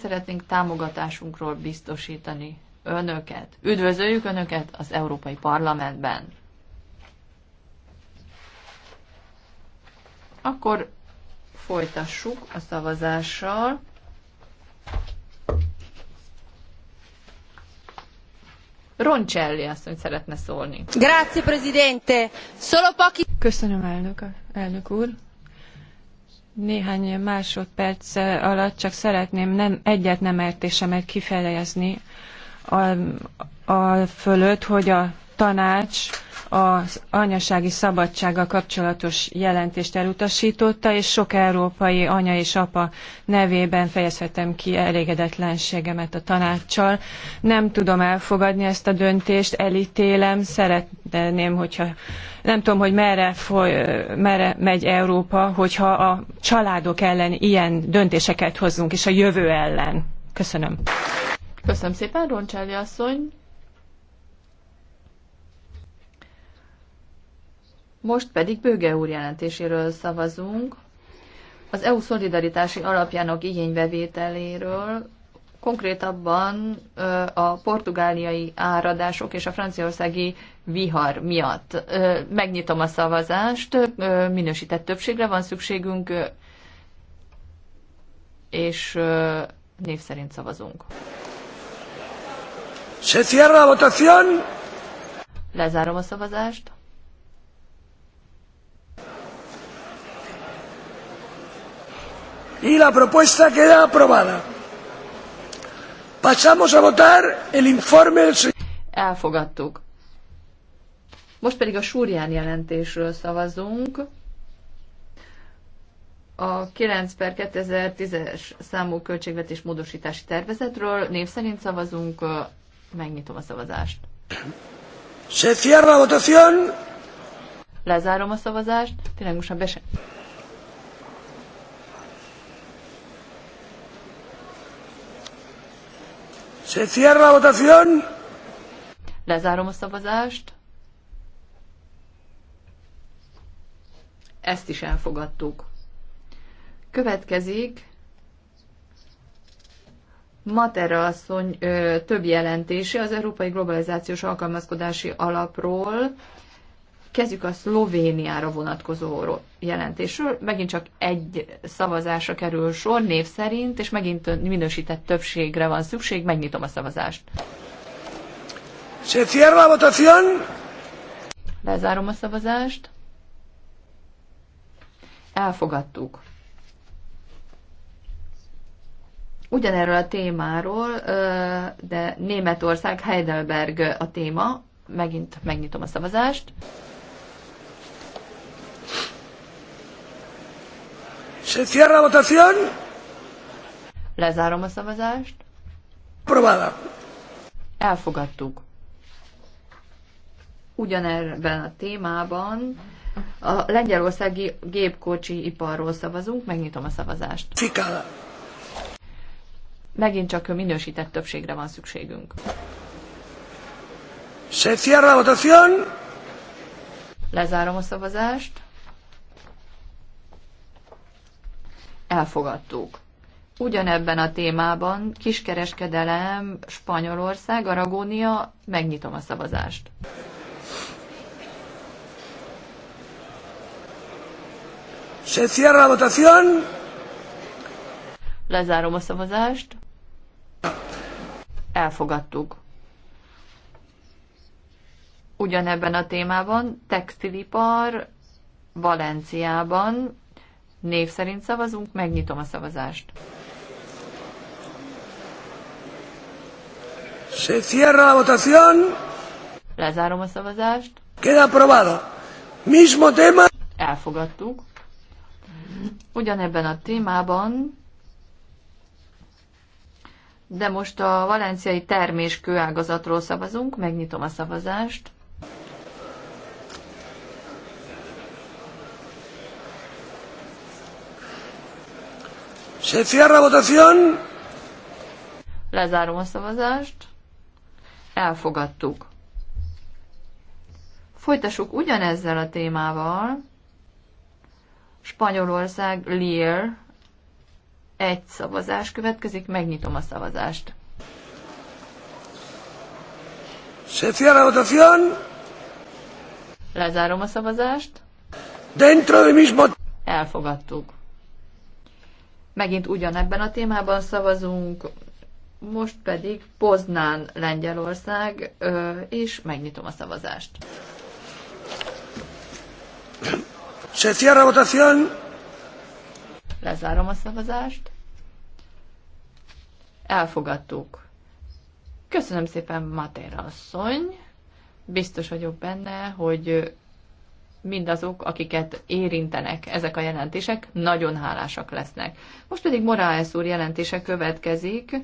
Szeretnénk támogatásunkról biztosítani önöket. Üdvözöljük önöket az Európai Parlamentben. Akkor folytassuk a szavazással. Roncelli mondja, szeretne szólni. Grazie, Presidente. Solo pochi... Köszönöm, elnök, elnök úr. Néhány másodperc alatt csak szeretném nem, egyet nem értésemet kifejezni a, a fölött, hogy a tanács az anyasági szabadsággal kapcsolatos jelentést elutasította, és sok európai anya és apa nevében fejezhetem ki elégedetlenségemet a tanácssal. Nem tudom elfogadni ezt a döntést, elítélem, szeretném, hogyha nem tudom, hogy merre, foly, merre megy Európa, hogyha a családok ellen ilyen döntéseket hozunk és a jövő ellen. Köszönöm. Köszönöm szépen, Roncsáli asszony. Most pedig Bőge úr jelentéséről szavazunk, az EU szolidaritási alapjának igénybevételéről, konkrétabban a portugáliai áradások és a franciaországi vihar miatt. Megnyitom a szavazást, minősített többségre van szükségünk, és név szerint szavazunk. Se cierra a votación. Lezárom a szavazást. y la propuesta queda aprobada. Pasamos a votar el informe del señor. Elfogadtuk. Most pedig a Súrján jelentésről szavazunk. A 9 per 2010-es számú költségvetés módosítási tervezetről név szerint szavazunk. Megnyitom a szavazást. Se cierra la votación. Lezárom a szavazást. Tényleg most már be Se cierra la votación. Lezárom a szavazást. Ezt is elfogadtuk. Következik Matera asszony ö, több jelentése az Európai Globalizációs Alkalmazkodási Alapról. Kezdjük a Szlovéniára vonatkozó jelentésről. Megint csak egy szavazásra kerül sor név szerint, és megint minősített többségre van szükség. Megnyitom a szavazást. Se cierra a votación. Lezárom a szavazást. Elfogadtuk. Ugyanerről a témáról, de Németország, Heidelberg a téma. Megint megnyitom a szavazást. Se cierra la votación. Lezárom a szavazást. Próbálom. Elfogadtuk. Ugyanerben a témában a lengyelországi gépkocsi iparról szavazunk, megnyitom a szavazást. Cikála. Megint csak minősített többségre van szükségünk. Se cierra a votación. Lezárom a szavazást. elfogadtuk. Ugyanebben a témában kiskereskedelem, Spanyolország, Aragónia, megnyitom a szavazást. Se cierra la votación. Lezárom a szavazást. Elfogadtuk. Ugyanebben a témában textilipar Valenciában Név szerint szavazunk, megnyitom a szavazást. Se cierra la votación. Lezárom a szavazást. Queda aprobado. Mismo tema. Elfogadtuk. Ugyanebben a témában, de most a valenciai terméskőágazatról szavazunk, megnyitom a szavazást. Se cierra votación. Lezárom a szavazást. Elfogadtuk. Folytassuk ugyanezzel a témával. Spanyolország, Lier. Egy szavazás következik, megnyitom a szavazást. Se cierra votación. Lezárom a szavazást. Dentro de mismo. Elfogadtuk. Megint ugyanebben a témában szavazunk, most pedig Poznán, Lengyelország, és megnyitom a szavazást. Se cierra votación. Lezárom a szavazást. Elfogadtuk. Köszönöm szépen, Matéra asszony. Biztos vagyok benne, hogy mindazok, akiket érintenek ezek a jelentések, nagyon hálásak lesznek. Most pedig Morales úr jelentése következik.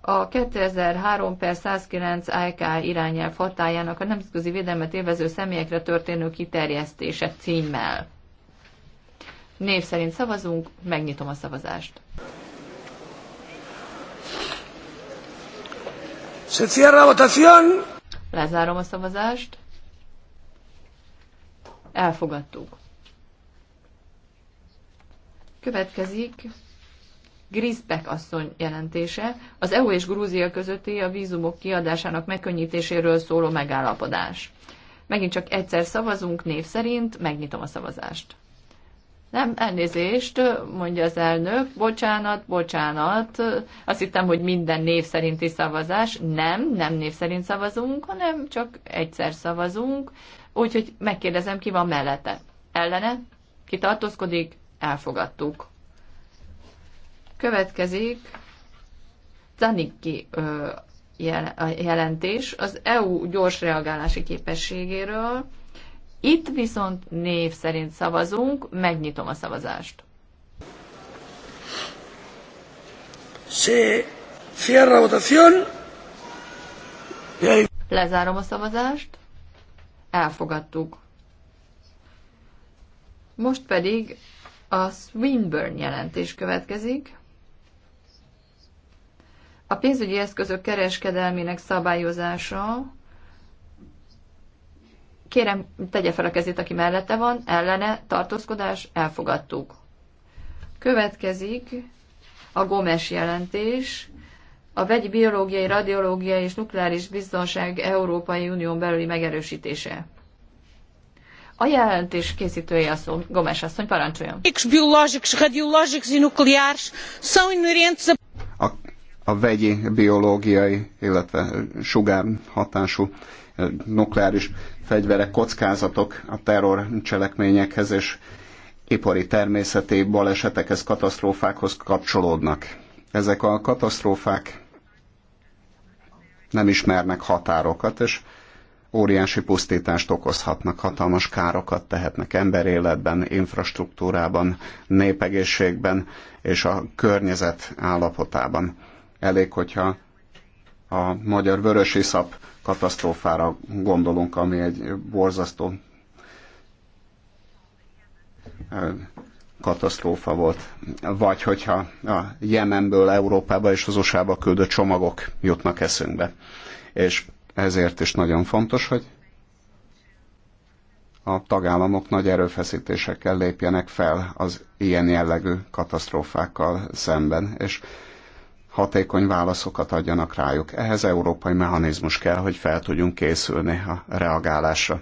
A 2003 per 109 IK irányelv hatájának a nemzetközi védelmet élvező személyekre történő kiterjesztése címmel. Név szerint szavazunk, megnyitom a szavazást. Se cierra votación. Lezárom a szavazást. Elfogadtuk. Következik Grisbeck asszony jelentése, az EU és Grúzia közötti a vízumok kiadásának megkönnyítéséről szóló megállapodás. Megint csak egyszer szavazunk név szerint, megnyitom a szavazást. Nem, elnézést, mondja az elnök, bocsánat, bocsánat, azt hittem, hogy minden név szerinti szavazás. Nem, nem név szerint szavazunk, hanem csak egyszer szavazunk úgyhogy megkérdezem, ki van mellette. Ellene, ki tartózkodik, elfogadtuk. Következik Zanicki jelentés az EU gyors reagálási képességéről. Itt viszont név szerint szavazunk, megnyitom a szavazást. Se cierra votación. Lezárom a szavazást elfogadtuk. Most pedig a Swinburne jelentés következik. A pénzügyi eszközök kereskedelmének szabályozása. Kérem, tegye fel a kezét, aki mellette van, ellene, tartózkodás, elfogadtuk. Következik a Gomes jelentés a vegyi biológiai, radiológiai és nukleáris biztonság Európai Unión belüli megerősítése. A jelentés készítője a szó. Gomes asszony, parancsoljon. és e nukleáris a... a vegyi, biológiai, illetve sugár hatású e, nukleáris fegyverek, kockázatok a terror cselekményekhez és ipari természeti balesetekhez, katasztrófákhoz kapcsolódnak. Ezek a katasztrófák nem ismernek határokat, és óriási pusztítást okozhatnak, hatalmas károkat tehetnek emberéletben, infrastruktúrában, népegészségben és a környezet állapotában. Elég, hogyha a magyar szap katasztrófára gondolunk, ami egy borzasztó katasztrófa volt. Vagy hogyha a Jemenből Európába és az USA-ba küldött csomagok jutnak eszünkbe. És ezért is nagyon fontos, hogy a tagállamok nagy erőfeszítésekkel lépjenek fel az ilyen jellegű katasztrófákkal szemben, és hatékony válaszokat adjanak rájuk. Ehhez európai mechanizmus kell, hogy fel tudjunk készülni a reagálásra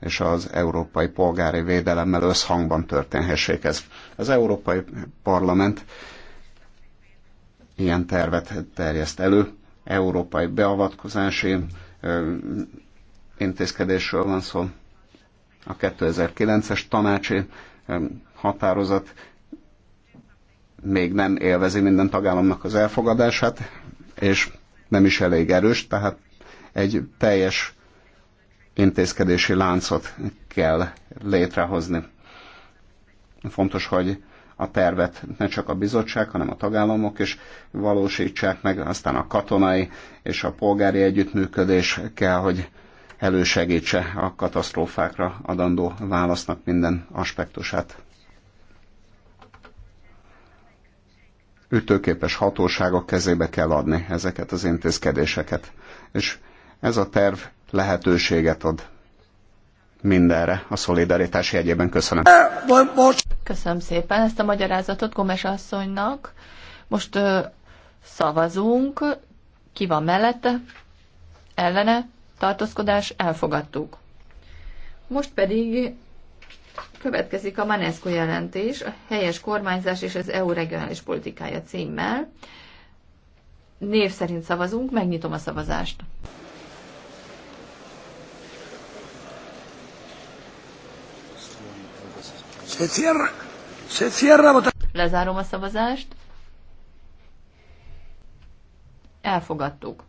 és az európai polgári védelemmel összhangban történhessék ez. Az Európai Parlament ilyen tervet terjeszt elő, európai beavatkozási intézkedésről van szó. A 2009-es tanácsi határozat még nem élvezi minden tagállamnak az elfogadását, és nem is elég erős, tehát egy teljes intézkedési láncot kell létrehozni. Fontos, hogy a tervet ne csak a bizottság, hanem a tagállamok is valósítsák meg, aztán a katonai és a polgári együttműködés kell, hogy elősegítse a katasztrófákra adandó válasznak minden aspektusát. Ütőképes hatóságok kezébe kell adni ezeket az intézkedéseket. És ez a terv lehetőséget ad mindenre a szolidaritás jegyében. Köszönöm. Köszönöm szépen ezt a magyarázatot Gomes asszonynak. Most ö, szavazunk. Ki van mellette? Ellene? Tartózkodás? Elfogadtuk. Most pedig következik a Manesco jelentés, a helyes kormányzás és az EU regionális politikája címmel. Név szerint szavazunk, megnyitom a szavazást. Se cierra, se cierra Lezárom a szavazást. Elfogadtuk.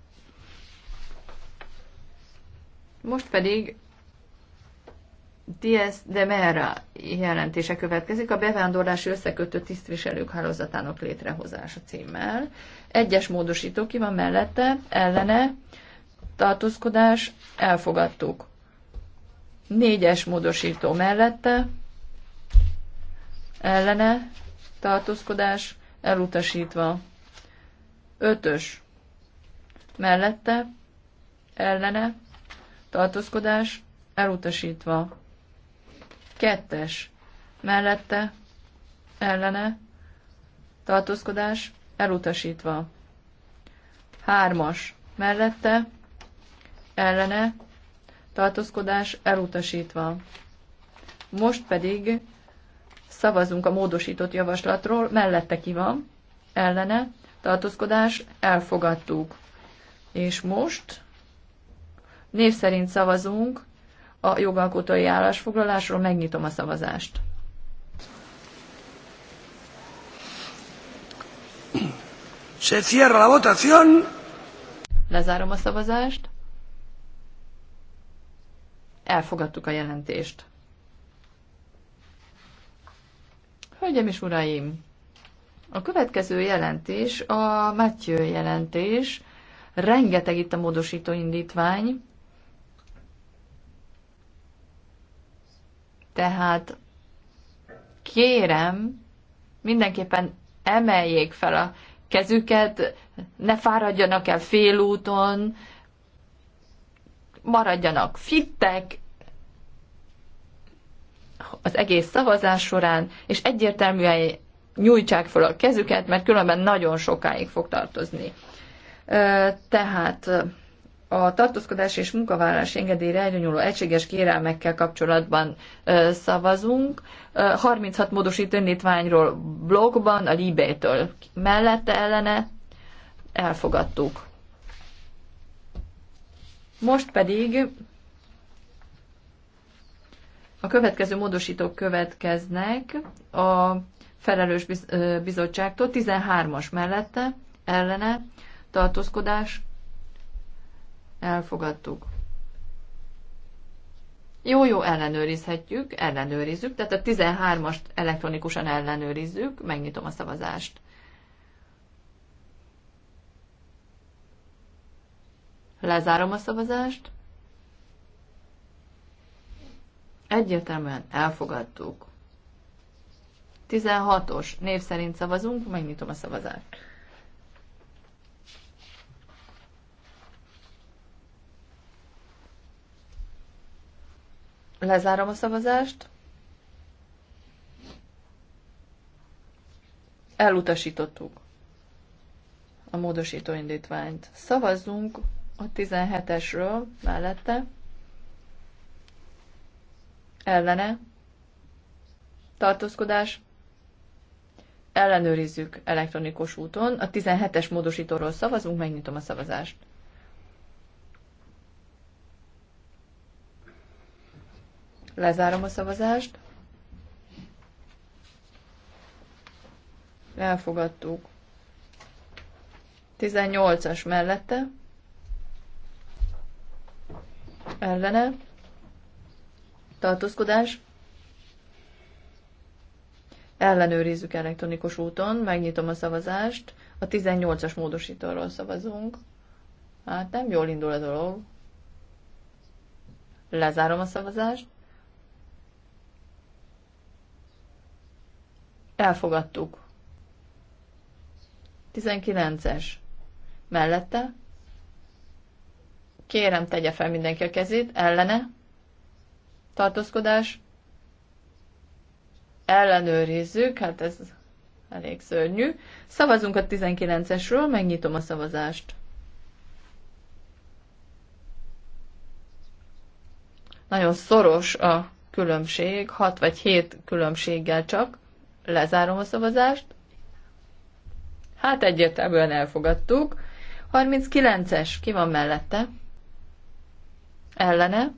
Most pedig Diaz de Mera jelentése következik a bevándorlási összekötő tisztviselők hálózatának létrehozása címmel. Egyes módosító ki van mellette, ellene, tartózkodás, elfogadtuk. Négyes módosító mellette, ellene tartózkodás elutasítva. Ötös mellette ellene tartózkodás elutasítva. Kettes mellette ellene tartózkodás elutasítva. Hármas mellette ellene tartózkodás elutasítva. Most pedig Szavazunk a módosított javaslatról, mellette ki van, ellene, tartózkodás, elfogadtuk. És most név szerint szavazunk a jogalkotói állásfoglalásról, megnyitom a szavazást. Se cierra la votación. Lezárom a szavazást. Elfogadtuk a jelentést. Hölgyeim és uraim, a következő jelentés, a Matthew jelentés, rengeteg itt a módosító indítvány, tehát kérem, mindenképpen emeljék fel a kezüket, ne fáradjanak el félúton, maradjanak fittek, az egész szavazás során, és egyértelműen nyújtsák fel a kezüket, mert különben nagyon sokáig fog tartozni. Tehát a tartózkodás és munkavállalás engedélyre elnyúló egységes kérelmekkel kapcsolatban szavazunk. 36 módosító indítványról blogban, a Libétől mellette ellene elfogadtuk. Most pedig a következő módosítók következnek a felelős bizottságtól, 13-as mellette, ellene, tartózkodás, elfogadtuk. Jó, jó, ellenőrizhetjük, ellenőrizzük, tehát a 13-ast elektronikusan ellenőrizzük, megnyitom a szavazást. Lezárom a szavazást. Egyértelműen elfogadtuk. 16-os név szerint szavazunk, megnyitom a szavazást. Lezárom a szavazást. Elutasítottuk a módosító indítványt. Szavazzunk a 17-esről mellette ellene, tartózkodás, ellenőrizzük elektronikus úton. A 17-es módosítóról szavazunk, megnyitom a szavazást. Lezárom a szavazást. Elfogadtuk. 18-as mellette. Ellene tartózkodás. Ellenőrizzük elektronikus úton, megnyitom a szavazást, a 18-as módosítóról szavazunk. Hát nem jól indul a dolog. Lezárom a szavazást. Elfogadtuk. 19-es. Mellette. Kérem, tegye fel mindenki a kezét. Ellene tartózkodás, ellenőrizzük, hát ez elég szörnyű. Szavazunk a 19-esről, megnyitom a szavazást. Nagyon szoros a különbség, 6 vagy 7 különbséggel csak. Lezárom a szavazást. Hát egyértelműen elfogadtuk. 39-es, ki van mellette? Ellene?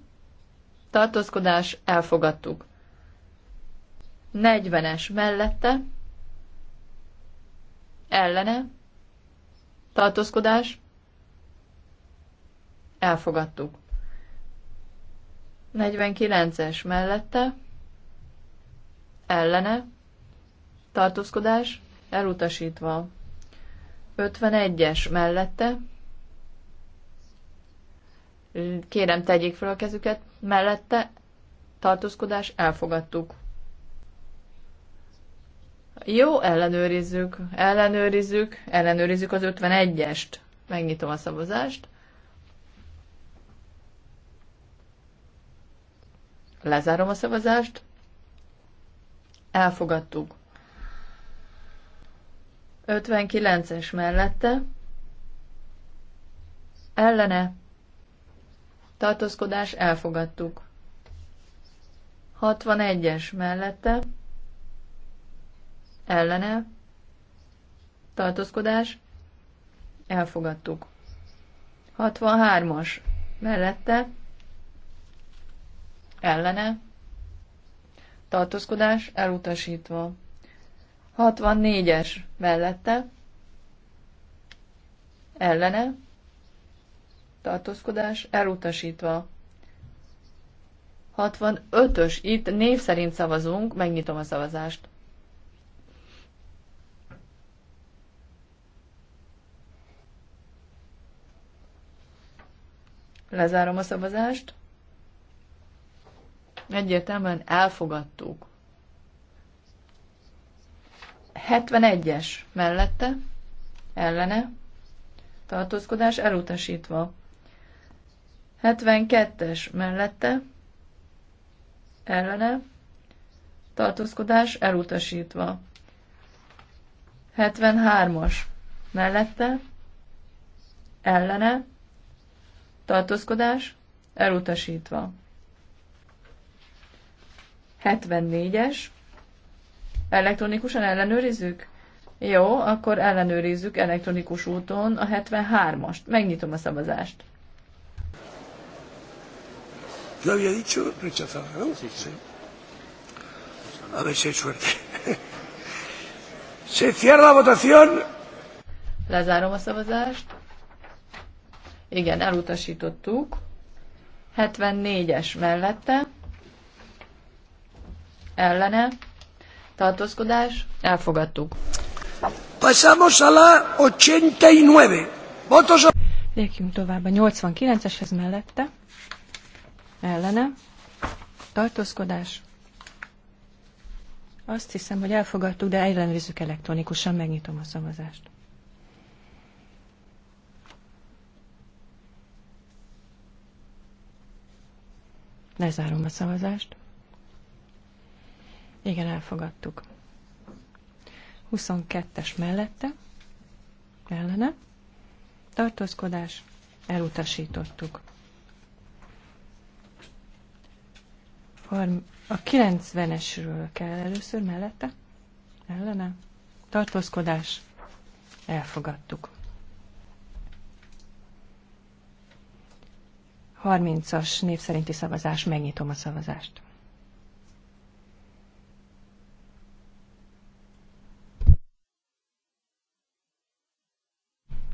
tartózkodás, elfogadtuk. 40-es mellette, ellene, tartózkodás, elfogadtuk. 49-es mellette, ellene, tartózkodás, elutasítva. 51-es mellette, Kérem, tegyék fel a kezüket. Mellette tartózkodás elfogadtuk. Jó, ellenőrizzük, ellenőrizzük, ellenőrizzük az 51-est. Megnyitom a szavazást. Lezárom a szavazást. Elfogadtuk. 59-es mellette. Ellene tartózkodás elfogadtuk. 61-es mellette, ellene, tartózkodás elfogadtuk. 63-as mellette, ellene, tartózkodás elutasítva. 64-es mellette, ellene, tartózkodás elutasítva. 65-ös, itt név szerint szavazunk, megnyitom a szavazást. Lezárom a szavazást. Egyértelműen elfogadtuk. 71-es mellette, ellene, tartózkodás elutasítva. 72-es mellette ellene tartózkodás elutasítva. 73-as mellette ellene tartózkodás elutasítva. 74-es elektronikusan ellenőrizzük? Jó, akkor ellenőrizzük elektronikus úton a 73-ast. Megnyitom a szavazást. Yo había dicho rechazada, ¿no? Sí, sí. A ver si hay suerte. Se cierra la votación. Lezárom a szavazást. Igen, elutasítottuk. 74-es mellette. Ellene. Tartózkodás. Elfogadtuk. Pasamos a la 89. Votos a... Lékjünk tovább a 89-eshez mellette ellene, tartózkodás. Azt hiszem, hogy elfogadtuk, de ellenőrizzük elektronikusan, megnyitom a szavazást. Lezárom a szavazást. Igen, elfogadtuk. 22-es mellette, ellene, tartózkodás, elutasítottuk. A 90-esről kell először mellette. Ellene. Tartózkodás. Elfogadtuk. 30-as név szerinti szavazás. Megnyitom a szavazást.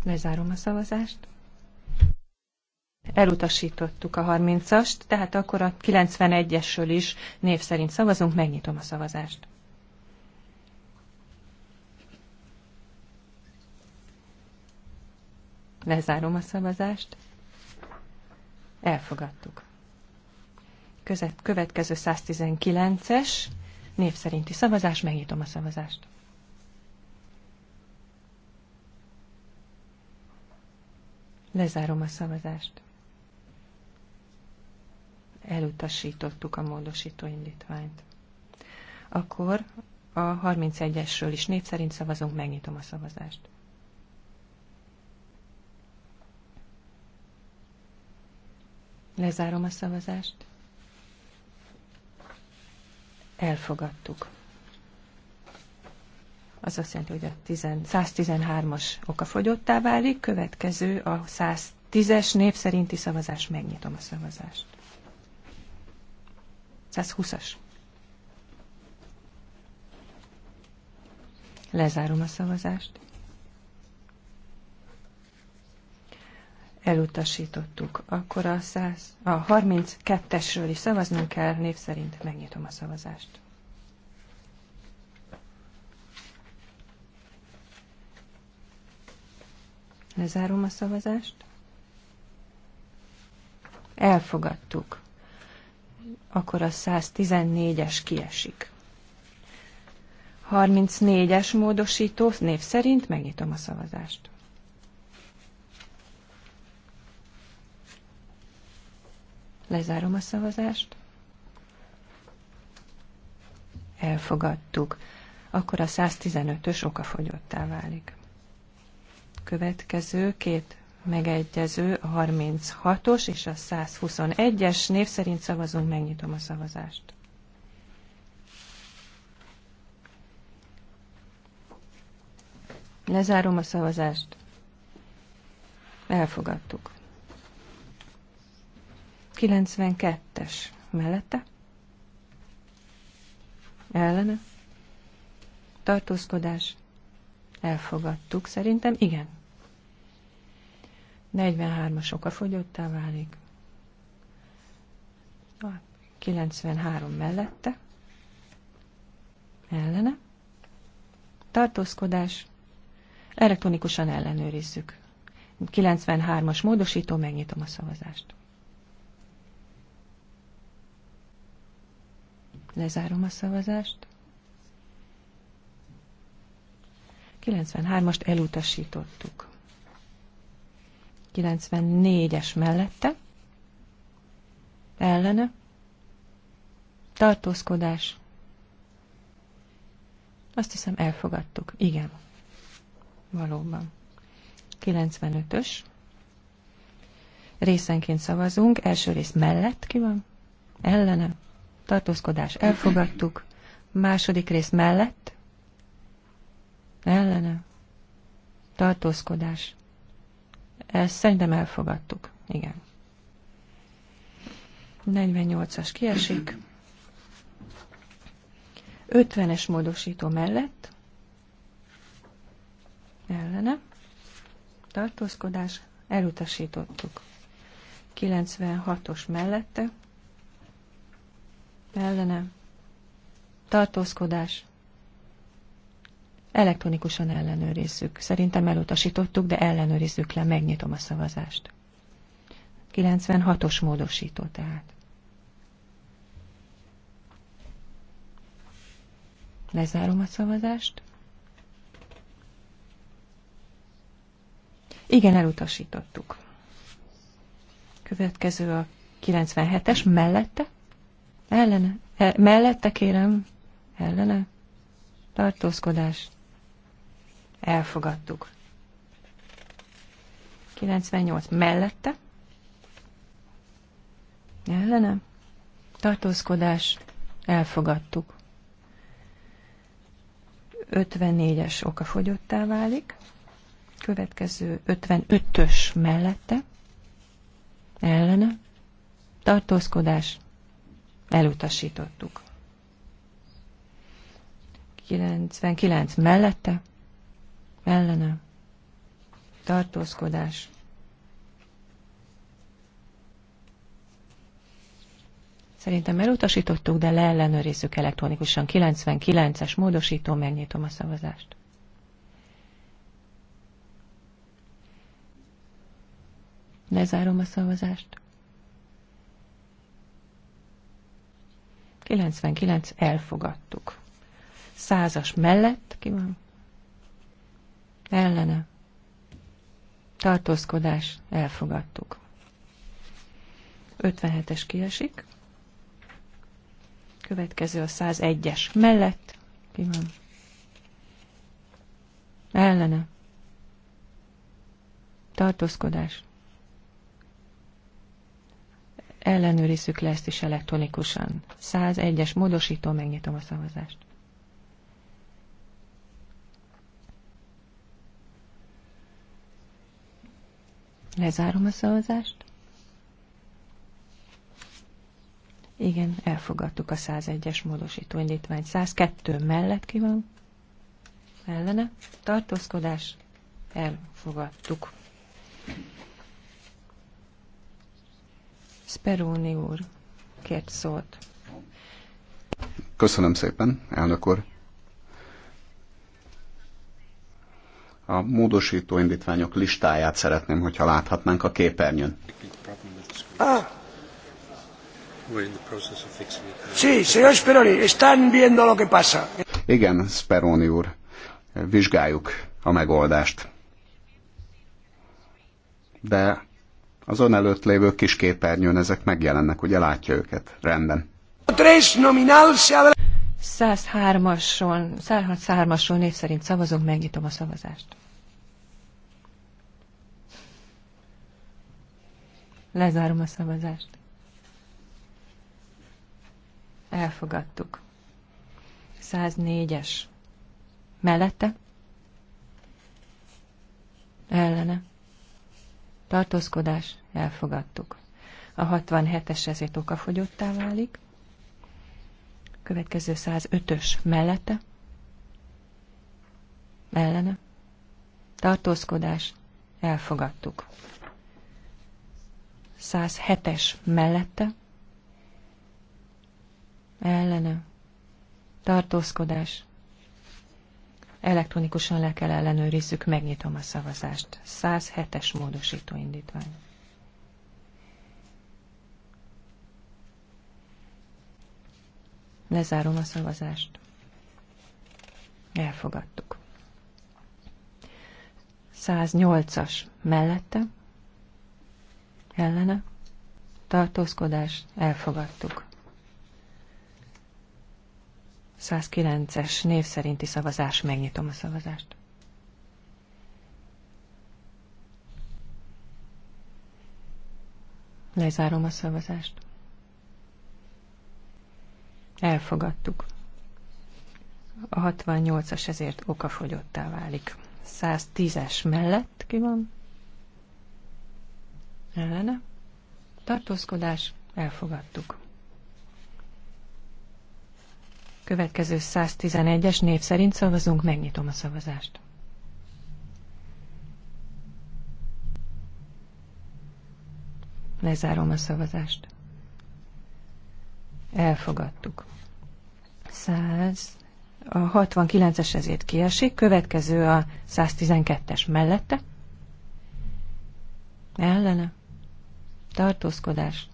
Lezárom a szavazást elutasítottuk a 30-ast, tehát akkor a 91-esről is név szerint szavazunk, megnyitom a szavazást. Lezárom a szavazást. Elfogadtuk. Közet, következő 119-es név szerinti szavazás, megnyitom a szavazást. Lezárom a szavazást elutasítottuk a módosító indítványt. Akkor a 31-esről is név szerint szavazunk, megnyitom a szavazást. Lezárom a szavazást. Elfogadtuk. Az azt jelenti, hogy a 113-as oka fogyottá válik, következő a 110-es név szerinti szavazás, megnyitom a szavazást. 120-as. Lezárom a szavazást. Elutasítottuk. Akkor a, 100, a 32-esről is szavaznunk kell, név szerint megnyitom a szavazást. Lezárom a szavazást. Elfogadtuk akkor a 114-es kiesik. 34-es módosító név szerint megnyitom a szavazást. Lezárom a szavazást. Elfogadtuk. Akkor a 115-ös okafogyottá válik. Következő két megegyező a 36-os és a 121-es név szerint szavazunk, megnyitom a szavazást. Lezárom a szavazást. Elfogadtuk. 92-es mellette. Ellene. Tartózkodás. Elfogadtuk. Szerintem igen. 43-as okafogyottá válik. 93 mellette. Ellene. Tartózkodás. Elektronikusan ellenőrizzük. 93-as módosító, megnyitom a szavazást. Lezárom a szavazást. 93-ast elutasítottuk. 94-es mellette, ellene, tartózkodás, azt hiszem elfogadtuk, igen, valóban. 95-ös, részenként szavazunk, első rész mellett ki van, ellene, tartózkodás, elfogadtuk, második rész mellett, ellene, tartózkodás, ezt szerintem elfogadtuk. Igen. 48-as kiesik. 50-es módosító mellett ellene tartózkodás elutasítottuk. 96-os mellette ellene tartózkodás Elektronikusan ellenőrizzük. Szerintem elutasítottuk, de ellenőrizzük le, megnyitom a szavazást. 96-os módosító tehát. Lezárom a szavazást. Igen, elutasítottuk. Következő a 97-es, mellette? Ellene? E- mellette kérem, ellene? Tartózkodás. Elfogadtuk. 98 mellette. Ellene. Tartózkodás. Elfogadtuk. 54-es okafogyottá válik. Következő 55-ös mellette. Ellene. Tartózkodás. Elutasítottuk. 99 mellette ellene, tartózkodás. Szerintem elutasítottuk, de leellenőrizzük elektronikusan. 99-es módosító, megnyitom a szavazást. Lezárom a szavazást. 99 elfogadtuk. Százas mellett ki van? ellene, tartózkodás, elfogadtuk. 57-es kiesik, következő a 101-es mellett, ki van, ellene, tartózkodás, ellenőrizzük le ezt is elektronikusan. 101-es módosító, megnyitom a szavazást. Lezárom a szavazást. Igen, elfogadtuk a 101-es módosító indítványt. 102 mellett ki van? Ellene? Tartózkodás? Elfogadtuk. Speroni úr kért szót. Köszönöm szépen, elnök úr. a módosító indítványok listáját szeretném, hogyha láthatnánk a képernyőn. Ah. Sí, señor Speroni, están viendo lo que pasa. Igen, Speroni úr, vizsgáljuk a megoldást. De az ön előtt lévő kis képernyőn ezek megjelennek, ugye látja őket? Rendben. 103-asról, 103-asról név szerint szavazunk, megnyitom a szavazást. Lezárom a szavazást. Elfogadtuk. 104-es. Mellette? Ellene. Tartózkodás. Elfogadtuk. A 67-es ezért okafogyottá válik. Következő 105-ös mellette. Ellene. Tartózkodás. Elfogadtuk. 107-es mellette. Ellene. Tartózkodás. Elektronikusan le kell ellenőrizzük, megnyitom a szavazást. 107-es módosító indítvány. Lezárom a szavazást. Elfogadtuk. 108-as mellette, ellene, tartózkodás, elfogadtuk. 109-es név szerinti szavazás, megnyitom a szavazást. Lezárom a szavazást. Elfogadtuk. A 68-as ezért okafogyottá válik. 110-es mellett ki van? Ellene. Tartózkodás. Elfogadtuk. Következő 111-es név szerint szavazunk, megnyitom a szavazást. Lezárom a szavazást elfogadtuk. 100, a 69-es ezért kiesik, következő a 112-es mellette. Ellene. Tartózkodás.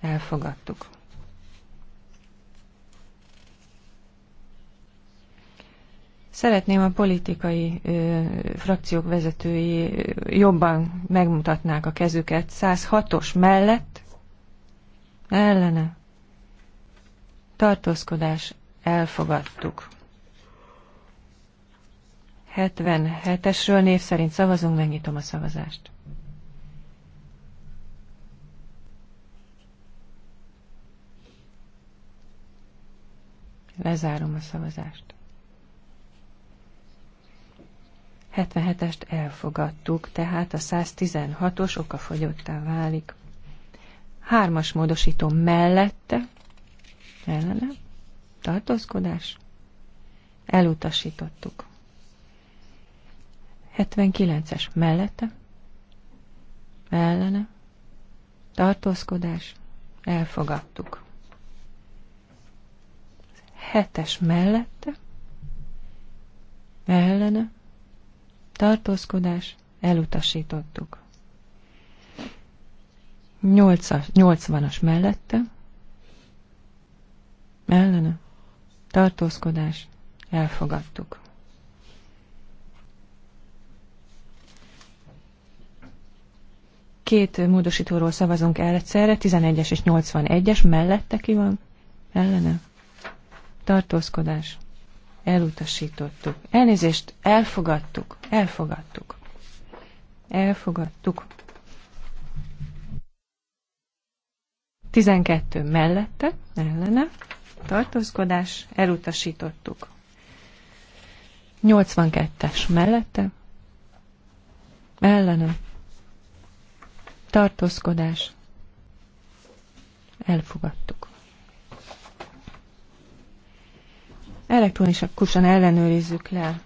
Elfogadtuk. Szeretném a politikai ö, frakciók vezetői jobban megmutatnák a kezüket. 106-os mellett ellene tartózkodás elfogadtuk. 77-esről név szerint szavazunk, megnyitom a szavazást. Lezárom a szavazást. 77-est elfogadtuk, tehát a 116-os okafogyottá válik. Hármas módosító mellette, ellene, tartózkodás, elutasítottuk. 79-es mellette, ellene, tartózkodás, elfogadtuk. 7-es mellette, ellene, tartózkodás, elutasítottuk. as 80-as mellette, ellene, tartózkodás, elfogadtuk. Két módosítóról szavazunk el egyszerre, 11-es és 81-es, mellette ki van, ellene, tartózkodás, elutasítottuk. Elnézést, elfogadtuk, elfogadtuk. Elfogadtuk. 12 mellette, ellene, tartózkodás, elutasítottuk. 82-es mellette, ellene, tartózkodás, elfogadtuk. Elektronikusan ellenőrizzük le.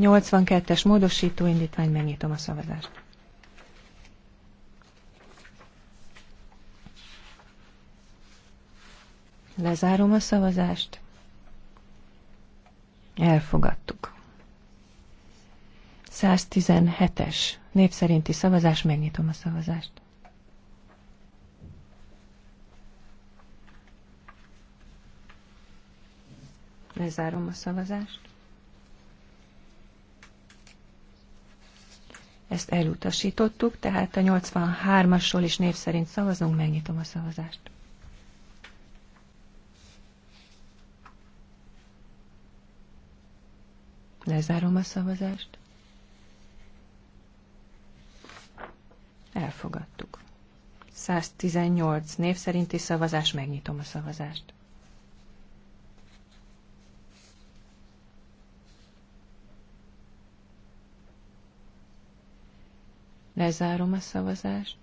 82-es módosító indítvány, megnyitom a szavazást. Lezárom a szavazást. Elfogadtuk. 117-es népszerinti szavazás, megnyitom a szavazást. Lezárom a szavazást. Ezt elutasítottuk, tehát a 83-asról is név szerint szavazunk, megnyitom a szavazást. Lezárom a szavazást. Elfogadtuk. 118 név szerinti szavazás, megnyitom a szavazást. Lezárom a szavazást.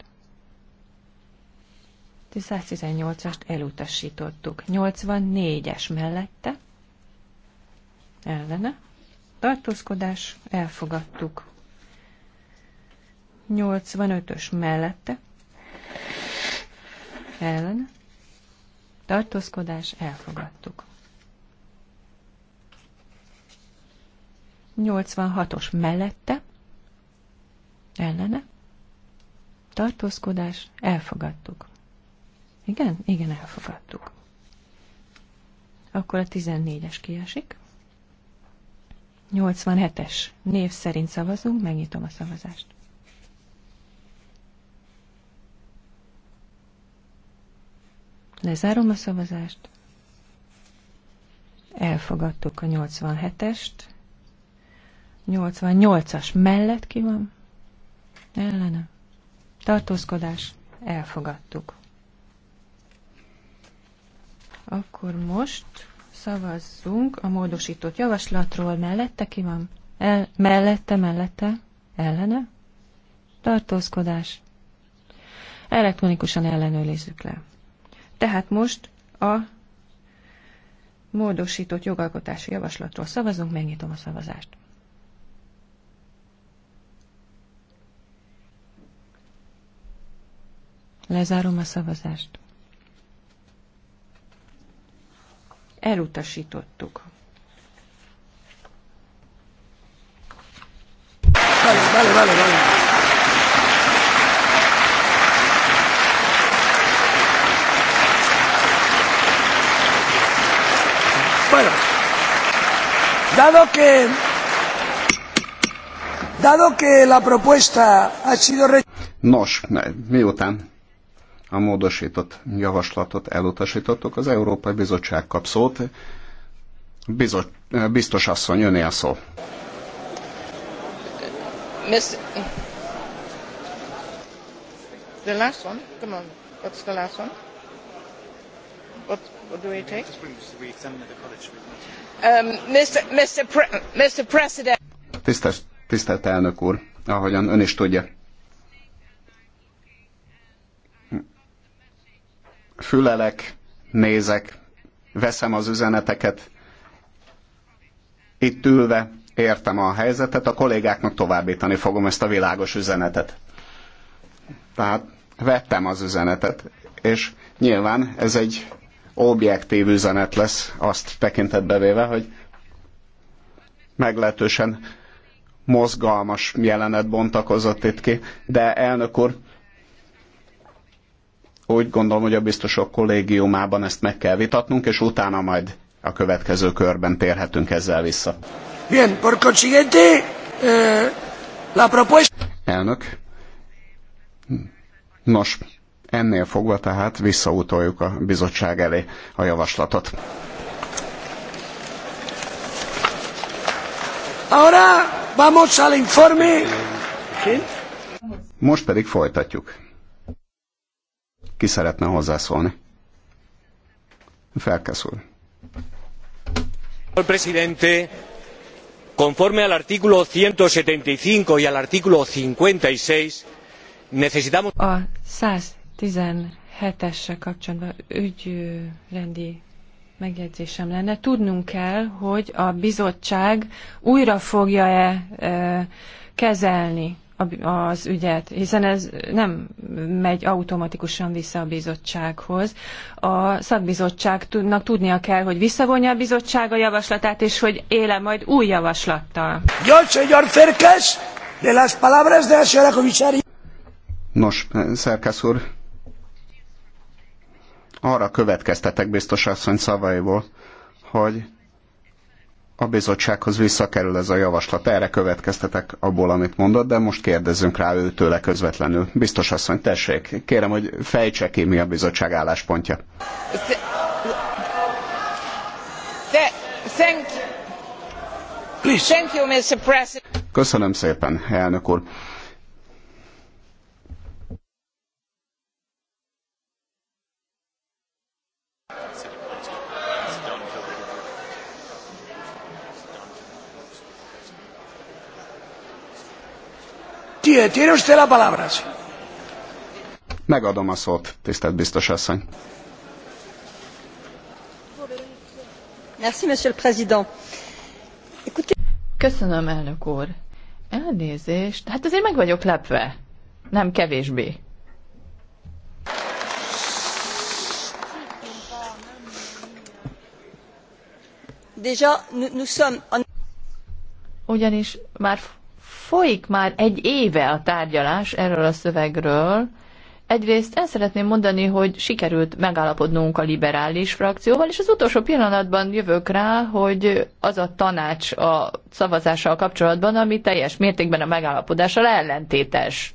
118-ast elutasítottuk. 84-es mellette. Ellene tartózkodás, elfogadtuk. 85-ös mellette, ellen, tartózkodás, elfogadtuk. 86-os mellette, ellene, tartózkodás, elfogadtuk. Igen? Igen, elfogadtuk. Akkor a 14-es kiesik. 87-es. Név szerint szavazunk, megnyitom a szavazást. Lezárom a szavazást. Elfogadtuk a 87-est. 88-as mellett ki van? Ellene. Tartózkodás. Elfogadtuk. Akkor most Szavazzunk a módosított javaslatról. Mellette ki van? El, mellette, mellette, ellene? Tartózkodás. Elektronikusan ellenőrizzük le. Tehát most a módosított jogalkotási javaslatról szavazunk, megnyitom a szavazást. Lezárom a szavazást. elutasítottuk. Vale, vale, vale, vale. Bueno, dado que, dado que la propuesta ha sido... Nos, miután a módosított javaslatot elutasítottuk. Az Európai Bizottság kap szót. Bizot, biztos asszony, öné a szó. The last one? Come on. What's the last one? What, what do we take? Um, Mr. Mr. Pre Mr. President. Tisztelt, tisztelt elnök úr, ahogyan ön is tudja, fülelek, nézek, veszem az üzeneteket, itt ülve értem a helyzetet, a kollégáknak továbbítani fogom ezt a világos üzenetet. Tehát vettem az üzenetet, és nyilván ez egy objektív üzenet lesz, azt tekintetbe véve, hogy meglehetősen mozgalmas jelenet bontakozott itt ki, de elnök úr, úgy gondolom, hogy a biztosok kollégiumában ezt meg kell vitatnunk, és utána majd a következő körben térhetünk ezzel vissza. Bien, por consiguiente, eh, la propuesta... Elnök. Nos, ennél fogva tehát visszautoljuk a bizottság elé a javaslatot. Ahora vamos al informe. Most pedig folytatjuk. Ki szeretne hozzászólni? Felkészül. Presidente, conforme al artículo 175 y al artículo 56 necesitamos... A 117 kapcsolatban ügyrendi megjegyzésem lenne. Tudnunk kell, hogy a bizottság újra fogja-e kezelni az ügyet, hiszen ez nem megy automatikusan vissza a bizottsághoz. A szakbizottságnak tudnia kell, hogy visszavonja a bizottság a javaslatát, és hogy éle majd új javaslattal. Nos, Szerkesz úr, arra következtetek biztos asszony szavaiból, hogy a bizottsághoz visszakerül ez a javaslat. Erre következtetek abból, amit mondott, de most kérdezzünk rá őtőle közvetlenül. Biztos asszony, tessék, kérem, hogy fejtse ki, mi a bizottság álláspontja. Köszönöm szépen, elnök úr. Tiene usted la palabra. Megadom a szót, tisztelt biztos asszony. Köszönöm, elnök úr. Elnézést. Hát azért meg vagyok lepve. Nem kevésbé. Déjà, nous, nous sommes Ugyanis már Folyik már egy éve a tárgyalás erről a szövegről. Egyrészt el szeretném mondani, hogy sikerült megállapodnunk a liberális frakcióval, és az utolsó pillanatban jövök rá, hogy az a tanács a szavazással kapcsolatban, ami teljes mértékben a megállapodással ellentétes.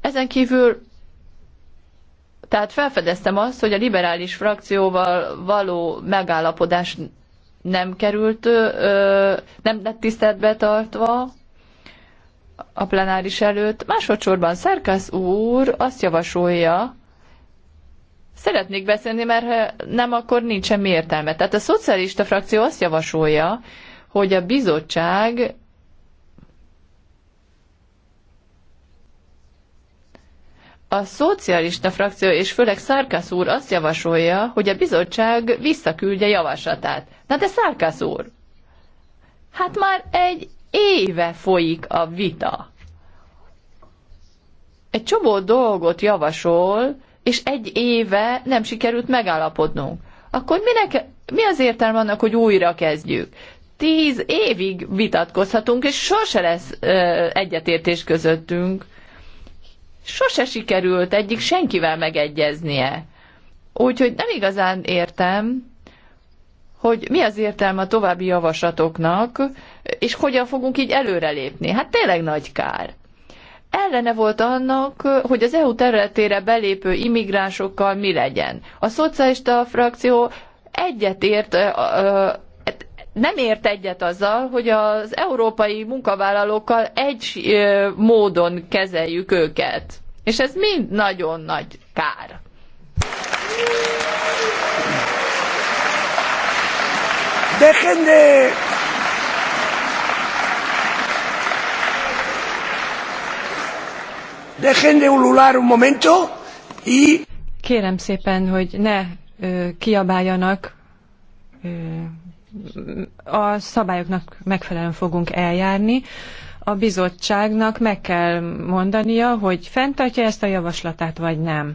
Ezen kívül tehát felfedeztem azt, hogy a liberális frakcióval való megállapodás nem került, nem lett tiszteletbe tartva a plenáris előtt. Másodszorban szerkesz úr azt javasolja, szeretnék beszélni, mert ha nem, akkor nincsen értelme. Tehát a szocialista frakció azt javasolja, hogy a bizottság a szocialista frakció és főleg Szárkász úr azt javasolja, hogy a bizottság visszaküldje javaslatát. Na de Szárkász úr, hát már egy éve folyik a vita. Egy csomó dolgot javasol, és egy éve nem sikerült megállapodnunk. Akkor minek, mi az értelme annak, hogy újra kezdjük? Tíz évig vitatkozhatunk, és sose lesz ö, egyetértés közöttünk sose sikerült egyik senkivel megegyeznie. Úgyhogy nem igazán értem, hogy mi az értelme a további javaslatoknak, és hogyan fogunk így előrelépni. Hát tényleg nagy kár. Ellene volt annak, hogy az EU területére belépő immigránsokkal mi legyen. A szocialista frakció egyetért nem ért egyet azzal, hogy az európai munkavállalókkal egy módon kezeljük őket. És ez mind nagyon nagy kár. Dejen de... Dejen de ulular un momento y... Kérem szépen, hogy ne ö, kiabáljanak. Ö, a szabályoknak megfelelően fogunk eljárni. A bizottságnak meg kell mondania, hogy fenntartja ezt a javaslatát, vagy nem.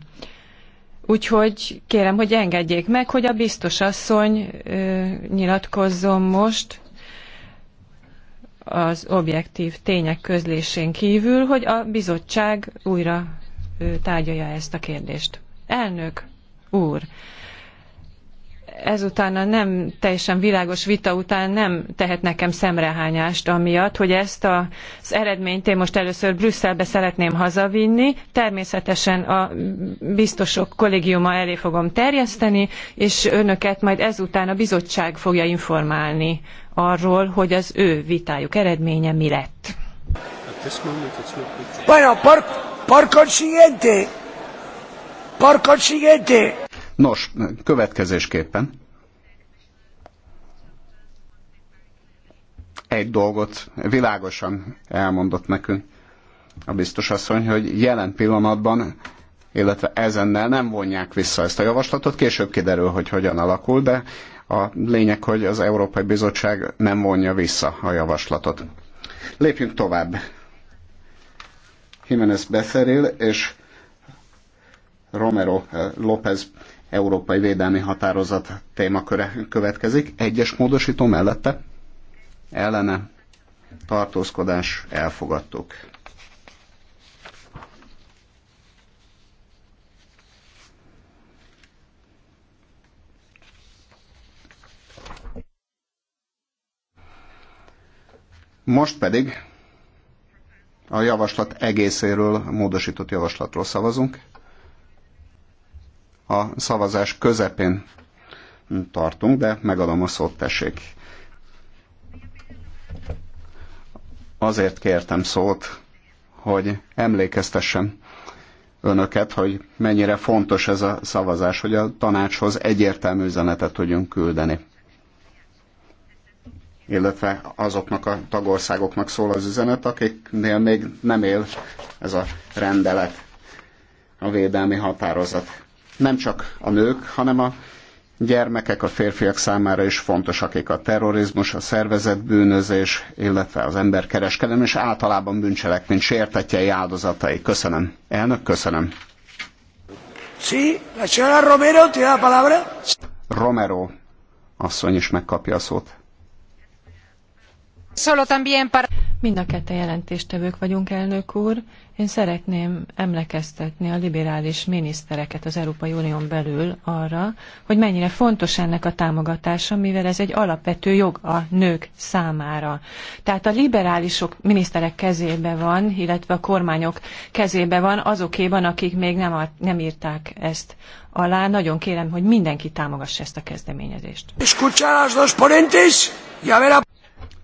Úgyhogy kérem, hogy engedjék meg, hogy a biztos asszony ö, nyilatkozzon most az objektív tények közlésén kívül, hogy a bizottság újra ö, tárgyalja ezt a kérdést. Elnök úr, ezután a nem teljesen világos vita után nem tehet nekem szemrehányást amiatt, hogy ezt a, az eredményt én most először Brüsszelbe szeretném hazavinni. Természetesen a biztosok kollégiuma elé fogom terjeszteni, és önöket majd ezután a bizottság fogja informálni arról, hogy az ő vitájuk eredménye mi lett. Bueno, por, por consiguiente, Nos, következésképpen egy dolgot világosan elmondott nekünk a biztos asszony, hogy jelen pillanatban, illetve ezennel nem vonják vissza ezt a javaslatot, később kiderül, hogy hogyan alakul, de a lényeg, hogy az Európai Bizottság nem vonja vissza a javaslatot. Lépjünk tovább. Jiménez Beszeril és Romero eh, López európai védelmi határozat témaköre következik. Egyes módosító mellette ellene tartózkodás elfogadtuk. Most pedig a javaslat egészéről, a módosított javaslatról szavazunk a szavazás közepén tartunk, de megadom a szót, tessék. Azért kértem szót, hogy emlékeztessem önöket, hogy mennyire fontos ez a szavazás, hogy a tanácshoz egyértelmű üzenetet tudjunk küldeni. Illetve azoknak a tagországoknak szól az üzenet, akiknél még nem él ez a rendelet, a védelmi határozat nem csak a nők, hanem a gyermekek a férfiak számára is fontos, akik a terrorizmus, a szervezetbűnözés, illetve az emberkereskedelem és általában bűncselekmény sértetjei áldozatai. Köszönöm. Elnök, köszönöm. Sí, la señora Romero, tiene la palabra. Romero asszony is megkapja a szót. Solo también para... Mind a kette jelentéstevők vagyunk, elnök úr. Én szeretném emlékeztetni a liberális minisztereket az Európai Unión belül arra, hogy mennyire fontos ennek a támogatása, mivel ez egy alapvető jog a nők számára. Tehát a liberálisok miniszterek kezébe van, illetve a kormányok kezébe van azokéban, akik még nem, nem írták ezt alá. Nagyon kérem, hogy mindenki támogassa ezt a kezdeményezést.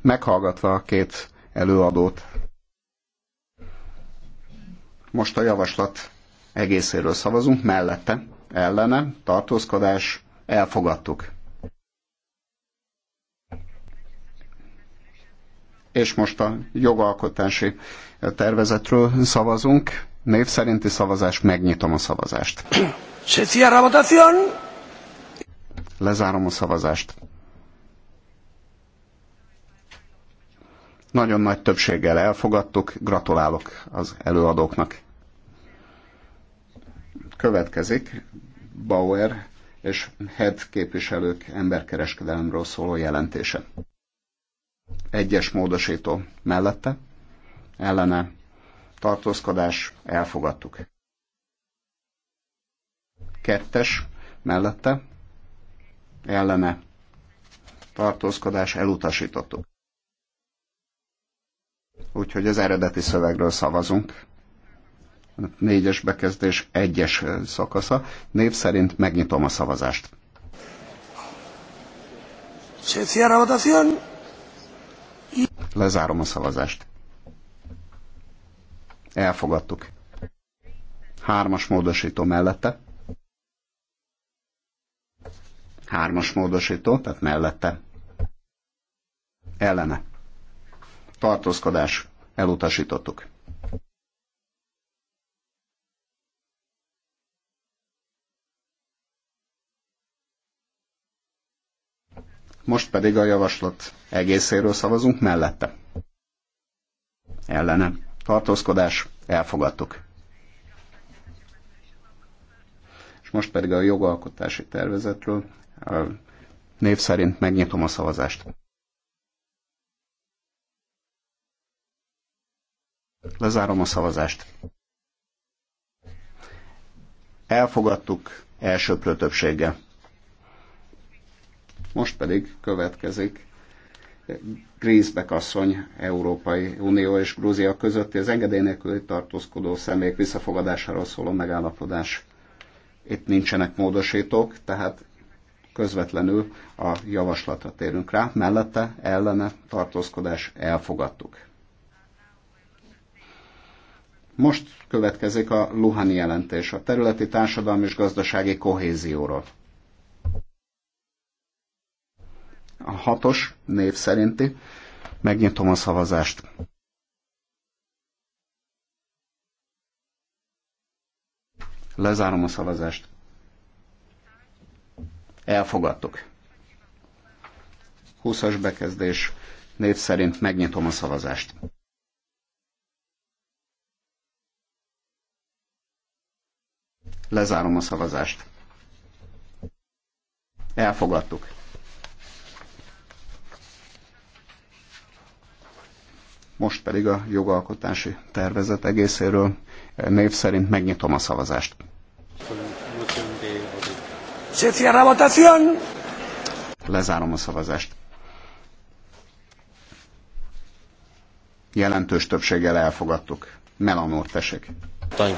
Meghallgatva a két előadót. Most a javaslat egészéről szavazunk, mellette, ellene, tartózkodás, elfogadtuk. És most a jogalkotási tervezetről szavazunk. Név szerinti szavazás, megnyitom a szavazást. Lezárom a szavazást. Nagyon nagy többséggel elfogadtuk, gratulálok az előadóknak. Következik Bauer és Head képviselők emberkereskedelemről szóló jelentése. Egyes módosító mellette, ellene tartózkodás, elfogadtuk. Kettes mellette, ellene tartózkodás, elutasítottuk. Úgyhogy az eredeti szövegről szavazunk. Négyes bekezdés egyes szakasza. Név szerint megnyitom a szavazást. Lezárom a szavazást. Elfogadtuk. Hármas módosító mellette. Hármas módosító, tehát mellette. Ellene tartózkodás elutasítottuk. Most pedig a javaslat egészéről szavazunk mellette. Ellene. Tartózkodás. Elfogadtuk. És most pedig a jogalkotási tervezetről név szerint megnyitom a szavazást. Lezárom a szavazást. Elfogadtuk elsőprő többsége. Most pedig következik Grészbek asszony Európai Unió és Grúzia közötti az engedély nélkül tartózkodó személyek visszafogadásáról szóló megállapodás. Itt nincsenek módosítók, tehát közvetlenül a javaslatra térünk rá, mellette ellene tartózkodás elfogadtuk. Most következik a Luhani jelentés a területi társadalmi és gazdasági kohézióról. A hatos név szerinti. Megnyitom a szavazást. Lezárom a szavazást. Elfogadtuk. 20-as bekezdés név szerint megnyitom a szavazást. Lezárom a szavazást. Elfogadtuk. Most pedig a jogalkotási tervezet egészéről név szerint megnyitom a szavazást. Se cierra votación. Lezárom a szavazást. Jelentős többséggel elfogadtuk. Melanor, tessék. Time.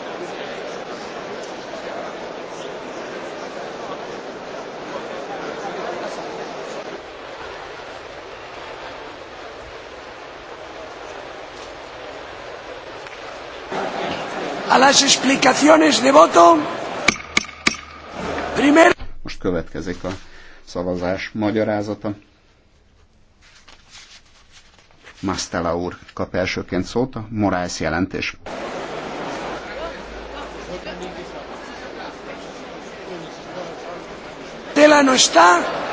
las explicaciones de voto. Primero. Most következik a szavazás magyarázata. Mastella úr kap elsőként szót a Morales jelentés. Tela no está,